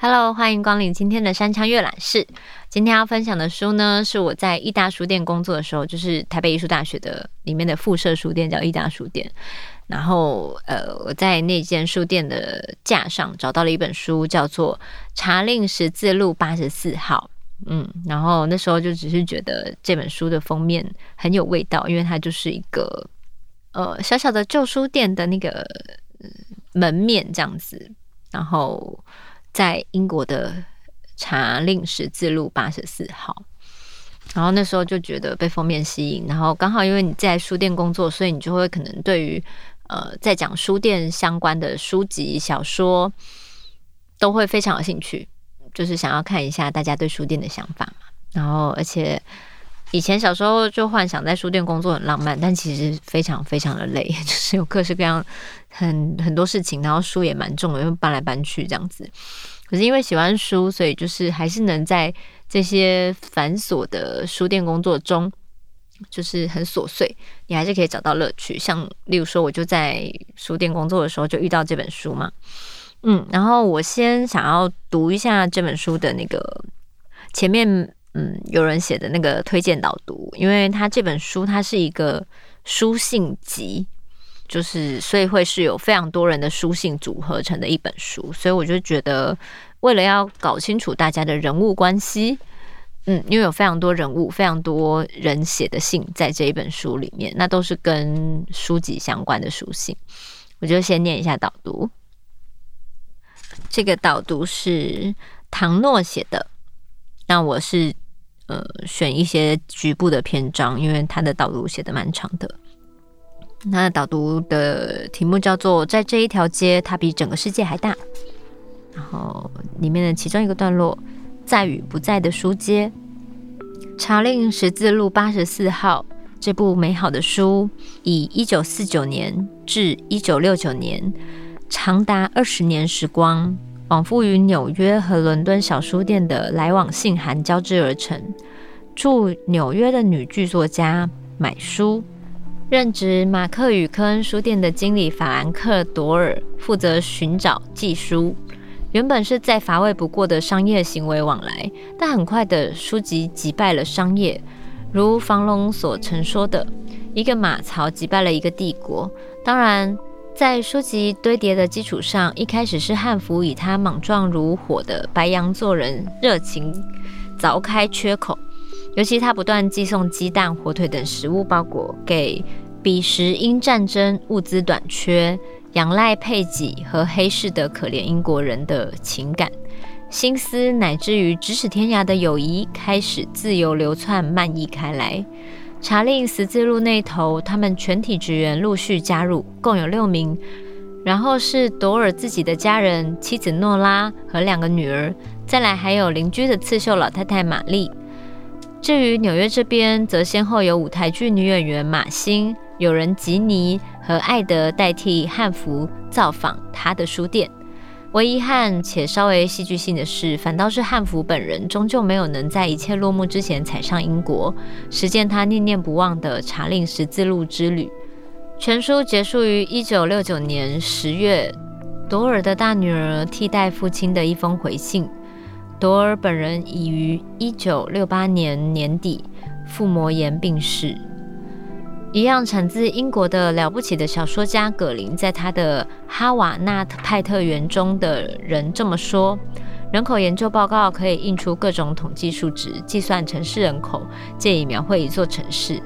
Hello，歡迎光臨今天的山羌閱覽室。今天要分享的書呢，是我在藝大書店工作的時候，就是台北藝術大學的裡面的附設書店叫藝大書店。然後，呃，我在那間書店的架上找到了一本書，叫做《查令十字路八十四號》。嗯，然後那時候就只是覺得這本書的封面很有味道，因為它就是一個呃小小的舊書店的那個門面這樣子。然後在英國的查令十字路八十四號，然後那時候就覺得被封面吸引，然後剛好因為你在書店工作，所以你就會可能對於呃在講書店相關的書籍小說都會非常有興趣。就是想要看一下大家對書店的想法嘛，然後而且以前小時候就幻想在書店工作很浪漫，但其實非常非常的累，就是有各式各樣很很多事情，然後書也蠻重的，又搬來搬去這樣子。可是因為喜歡書，所以就是還是能在這些繁瑣的書店工作中，就是很瑣碎，你還是可以找到樂趣。像例如說，我就在書店工作的時候就遇到這本書嘛。嗯，然後我先想要讀一下這本書的那個前面，嗯，有人寫的那個推薦導讀，因為他這本書它是一個書信集，就是所以會是有非常多人的書信組合成的一本書，所以我就覺得為了要搞清楚大家的人物關係，嗯，因為有非常多人物、非常多人寫的信在這一本書裡面，那都是跟書籍相關的書信，我就先念一下導讀。這個導讀是唐諾寫的，那我是呃選一些局部的篇章，因為他的導讀寫的蠻長的。那導讀的題目叫做《在這一條街，它比整個世界還大》。然後裡面的其中一個段落，在與不在的書街，查令十字路八十四號，這部美好的書，以一九四九年至一九六九年，長達二十年時光，往復於紐約和倫敦小書店的來往信函交織而成。住紐約的女劇作家買書，任職馬克與科恩書店的經理法蘭克·多爾負責尋找寄書。原本是再乏味不過的商業行為往來，但很快的書籍擊敗了商業。如房龍所曾說的：“一個馬槽擊敗了一個帝國。”當然。在書籍堆疊的基礎上，一開始是漢芙以他莽撞如火的白羊座人熱情鑿開缺口，尤其他不斷寄送雞蛋、火腿等食物包裹給彼時因戰爭物資短缺、仰賴配給和黑市的可憐英國人的情感、心思，乃至於咫尺天涯的友誼，開始自由流竄、漫溢開來。查令十字路那頭，他們全體職員陸續加入，共有六名。然後是朵爾自己的家人，妻子諾拉和兩個女兒，再來還有鄰居的刺繡老太太瑪麗。至於紐約這邊，則先後有舞台劇女演員馬欣，友人吉尼和艾德代替漢芙造訪他的書店。唯一遺憾且稍微戲劇性的是，反倒是漢芙本人終究沒有能在一切落幕之前踩上英國，實踐他念念不忘的查令十字路之旅。全書結束於一九六九年十月，朵爾的大女兒替代父親的一封回信。朵爾本人已於一九六八年年底腹膜炎病逝。一樣產自英國的了不起的小說家葛林，在他的《哈瓦那特派員》中的人這麼說：“人口研究報告可以印出各種統計數值，計算城市人口，藉以描繪一座城市。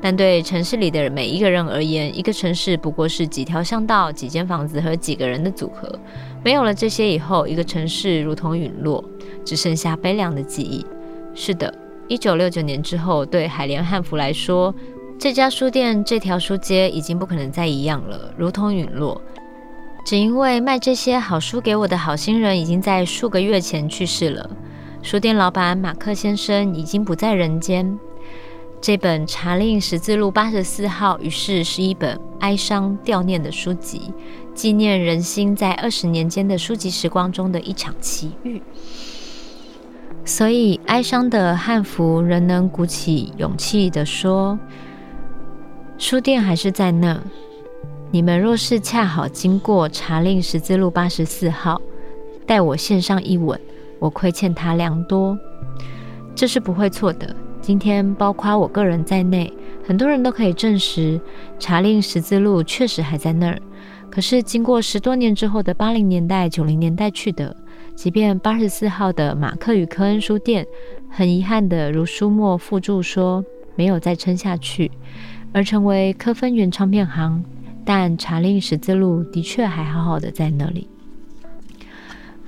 但對城市裡的每一個人而言，一個城市不過是幾條巷道、幾間房子和幾個人的組合。沒有了這些以後，一個城市如同隕落，只剩下悲涼的記憶。”是的，一九六九年之後，對海蓮漢芙來說。這家書店，這條書街已經不可能再一樣了，如同隕落。只因為賣這些好書給我的好心人已經在數個月前去世了，書店老板馬克先生已經不在人間。這本《查令十字路八十四號》於是是一本哀傷悼念的書籍，紀念人心在二十年間的書籍時光中的一場奇遇。所以，哀傷的漢芙仍能鼓起勇氣的說。書店還是在那兒。你們若是恰好經過查令十字路八十四號，代我獻上一吻，我虧欠他良多。這是不會錯的。今天，包括我個人在內，很多人都可以證實，查令十字路確實還在那兒。可是，經過十多年之後的八零年代、九零年代去的，即便八十四號的馬克與科恩書店，很遺憾的，如書末附注說，沒有再撐下去。而成為科芬園唱片行，但查令十字路的確還好好的在那裡。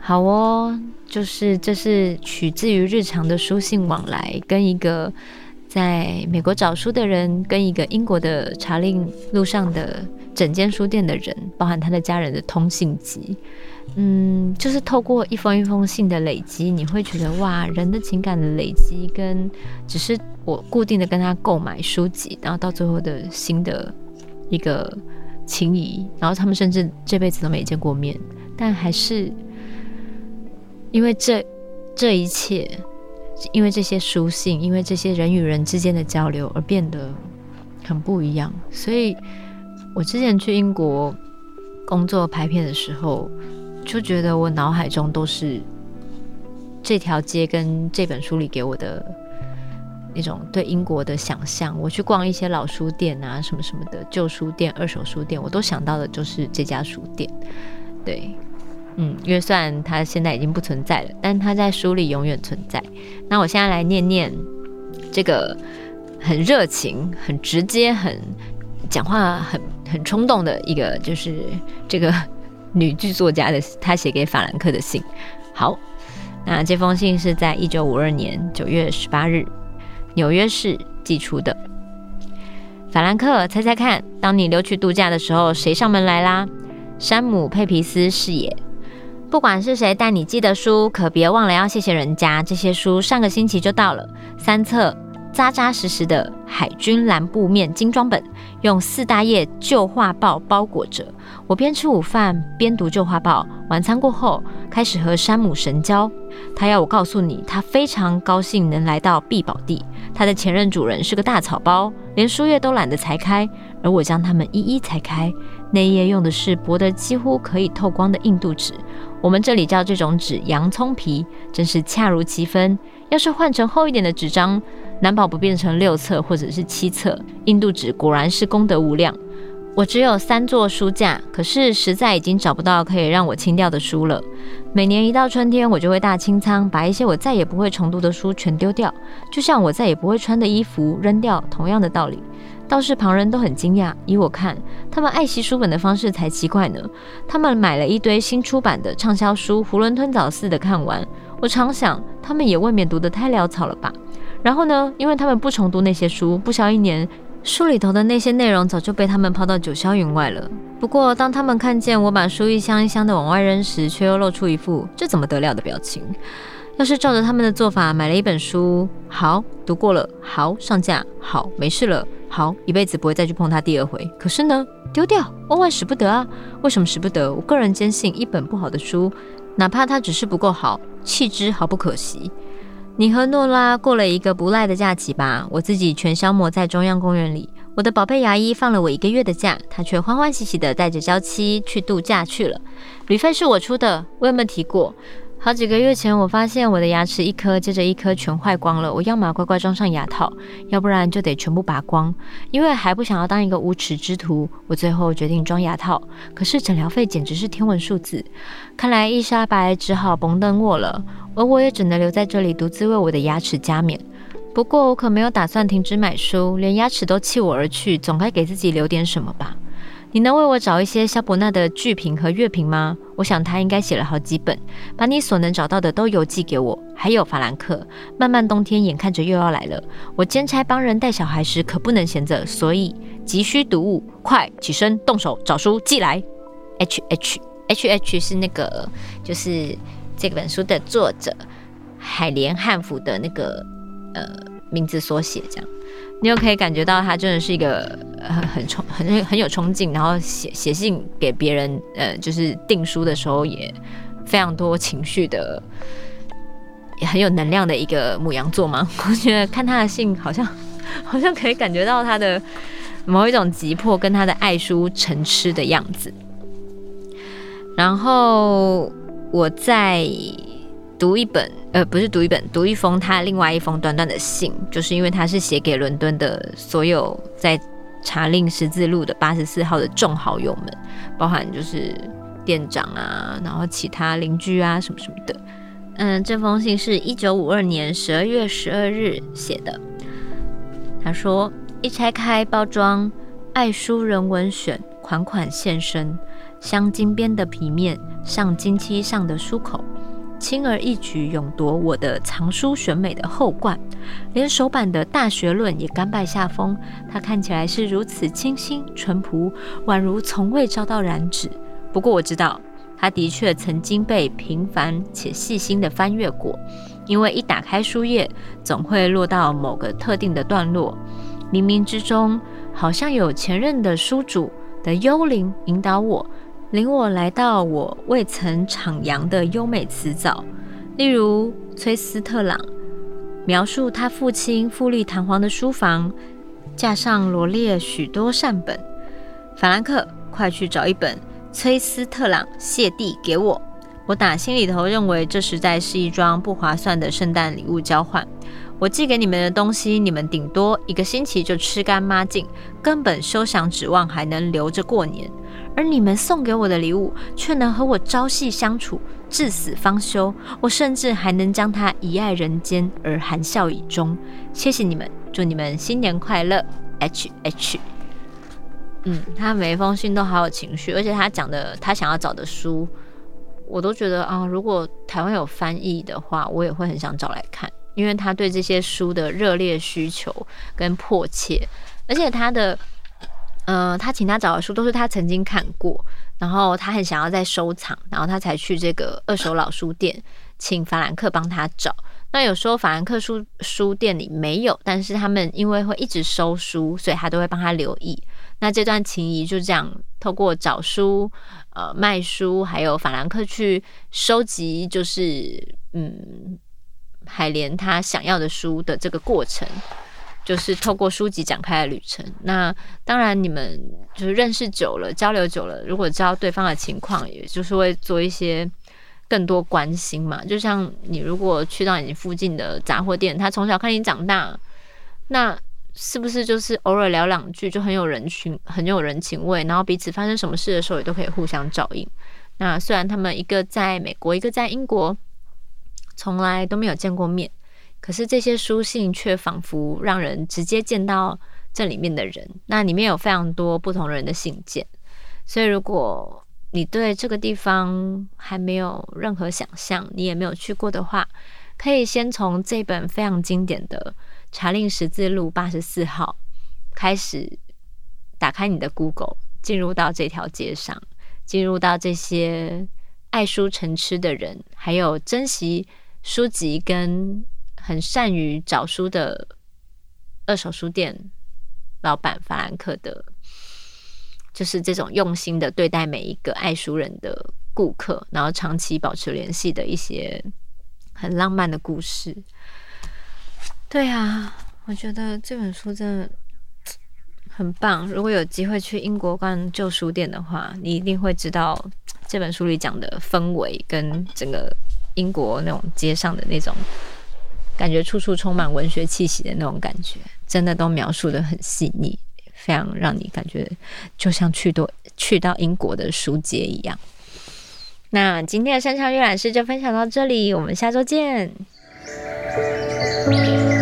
好哦，就是這、就是取自於日常的書信往來，跟一個在美國找書的人，跟一個英國的查令路上的整間書店的人，包含他的家人的通信集。嗯，就是透過一封一封信的累積，你會覺得哇，人的情感的累積跟只是。我固定的跟他購買書籍，然後到最後的新的一個情誼，然後他們甚至這輩子都沒見過面，但還是因為這這一切，因為這些書信，因為這些人與人之間的交流而變得很不一樣。所以我之前去英國工作拍片的時候，就覺得我腦海中都是這條街跟這本書裡給我的。那種對英國的想象，我去逛一些老書店啊，什麼什麼的舊書店、二手書店，我都想到的就是這家書店。對，嗯，因為算它現在已經不存在了，但他在書裡永遠存在。那我現在來念念這個很熱情、很直接、很講話很、很很衝動的一個，就是這個女劇作家的她寫給法蘭克的信。好，那這封信是在一九五二年九月十八日。紐約市寄出的，法蘭克，猜猜看，當你溜去度假的時候，誰上門來啦？山姆佩皮斯是也。不管是誰帶你寄的書，可別忘了要謝謝人家。這些書上個星期就到了，三冊，扎扎實實的海軍藍布面精裝本，用四大頁舊畫報包裹着。我邊吃午飯邊讀舊畫報，晚餐過後開始和山姆神交。他要我告訴你，他非常高興能來到貴寶地。它的前任主人是個大草包，連書頁都懶得裁開，而我將它們一一裁開。內頁用的是薄得幾乎可以透光的印度紙，我們這裡叫這種紙“洋蔥皮”，真是恰如其分。要是換成厚一點的紙張，難保不變成六冊或者是七冊。印度紙果然是功德無量。我只有三座書架，可是實在已經找不到可以讓我清掉的書了。每年一到春天，我就會大清倉，把一些我再也不會重讀的書全丟掉，就像我再也不會穿的衣服扔掉，同樣的道理。倒是旁人都很驚訝，依我看，他們愛惜書本的方式才奇怪呢。他們買了一堆新出版的暢銷書，囫圇吞棗似的看完。我常想，他們也未免讀得太潦草了吧？然後呢，因為他們不重讀那些書，不消一年，書裡頭的那些內容早就被他們拋到九霄雲外了。不過，當他們看見我把書一箱一箱的往外扔時，卻又露出一副這怎麼得了的表情。要是照着他們的做法，買了一本書，好，讀過了，好，上架，好，沒事了，好，一輩子不會再去碰它第二回。可是呢，丟掉萬萬使不得啊！為什麼使不得？我個人堅信，一本不好的書，哪怕它只是不夠好，棄之毫不可惜。你和諾拉過了一個不賴的假期吧？我自己全消磨在中央公園裡。我的寶貝牙醫放了我一個月的假，他卻歡歡喜喜地帶着嬌妻去度假去了。旅費是我出的，我有沒有提過？好幾個月前，我發現我的牙齒一顆接着一顆全壞光了。我要麼乖乖裝上牙套，要不然就得全部拔光。因為還不想要當一個無恥之徒，我最後決定裝牙套。可是診療費簡直是天文數字，看來伊莎白只好甭等我了，而我也只能留在這裡獨自為我的牙齒加冕。不過我可沒有打算停止買書，連牙齒都棄我而去，總該給自己留點什麼吧。你能為我找一些蕭伯納的劇評和樂評嗎？我想他應該寫了好幾本，把你所能找到的都郵寄給我。還有法蘭克，漫漫冬天眼看着又要來了，我兼差幫人帶小孩時可不能閒着，所以急需讀物，快起身動手找書寄來。H H H H 是那個，就是這本書的作者海蓮漢芙的那個呃名字縮寫，這樣。你又可以感覺到他真的是一個很很衝、很很，很有衝勁，然後寫寫信給別人，呃，就是訂書的時候也非常多情緒的，也很有能量的一個牡羊座嗎？我覺得看他的信，好像好像可以感覺到他的某一種急迫，跟他的愛書成痴的樣子。然後我在。讀一本，呃，不是讀一本，讀一封他另外一封短短的信，就是因為他是寫給倫敦的所有在查令十字路的八十四號的眾好友們，包含就是店長啊，然後其他鄰居啊什麼什麼的。嗯，這封信是一九五二年十二月十二日寫的。他說，一拆開包裝，《愛書人文選》款款現身，鑲金邊的皮面上，金漆上的書口。輕而易舉勇奪我的藏書選美的後冠，連首版的《大學論》也甘拜下風。他看起來是如此清新淳樸，宛如從未遭到染指。不過我知道，他的確曾經被平凡且細心地翻閱過，因為一打開書頁，總會落到某個特定的段落。冥冥之中，好像有前任的書主的幽靈引導我。領我來到我未曾徜徉的優美詞藻，例如崔斯特朗描述他父親富麗堂皇的書房，架上羅列許多善本。法蘭克，快去找一本崔斯特朗，謝地給我。我打心裡頭認為這實在是一樁不划算的聖誕禮物交換。我寄給你們的東西，你們頂多一個星期就吃乾抹淨，根本休想指望還能留着過年。而你們送給我的禮物，卻能和我朝夕相處，至死方休。我甚至還能將它遺愛人間，而含笑以終。謝謝你們，祝你們新年快樂！H H。嗯，他每一封信都好有情緒，而且他講的他想要找的書，我都覺得啊、哦，如果台灣有翻譯的話，我也會很想找來看，因為他對這些書的熱烈需求跟迫切，而且他的。嗯、呃，他請他找的書都是他曾經看過，然後他很想要再收藏，然後他才去這個二手老書店請法蘭克幫他找。那有時候法蘭克書書店裡沒有，但是他們因為會一直收書，所以他都會幫他留意。那這段情誼就這樣透過找書、呃賣書，還有法蘭克去收集，就是嗯海蓮他想要的書的這個過程。就是透過書籍展開的旅程。那當然，你們就是認識久了，交流久了，如果知道對方的情況，也就是會做一些更多關心嘛。就像你如果去到你附近的雜貨店，他從小看你長大，那是不是就是偶爾聊兩句就很有人情、很有人情味？然後彼此發生什麼事的時候也都可以互相照應。那雖然他們一個在美國，一個在英國，從來都沒有見過面。可是這些書信卻仿佛讓人直接見到這裡面的人。那裡面有非常多不同人的信件，所以如果你對這個地方還沒有任何想象，你也沒有去過的話，可以先從這本非常經典的《查令十字路八十四號》開始，打開你的 Google，進入到這條街上，進入到這些愛書成痴的人，還有珍惜書籍跟。很善於找書的二手書店老闆法蘭克的，就是這種用心的對待每一個愛書人的顧客，然後長期保持聯繫的一些很浪漫的故事。對啊，我覺得這本書真的很棒。如果有機會去英國逛舊書店的話，你一定會知道這本書裡講的氛圍跟整個英國那種街上的那種。感覺處處充滿文學氣息的那種感覺，真的都描述得很細膩，非常讓你感覺就像去到去到英國的書街一樣。那今天的山羌閱覽室就分享到這裡，我們下週見。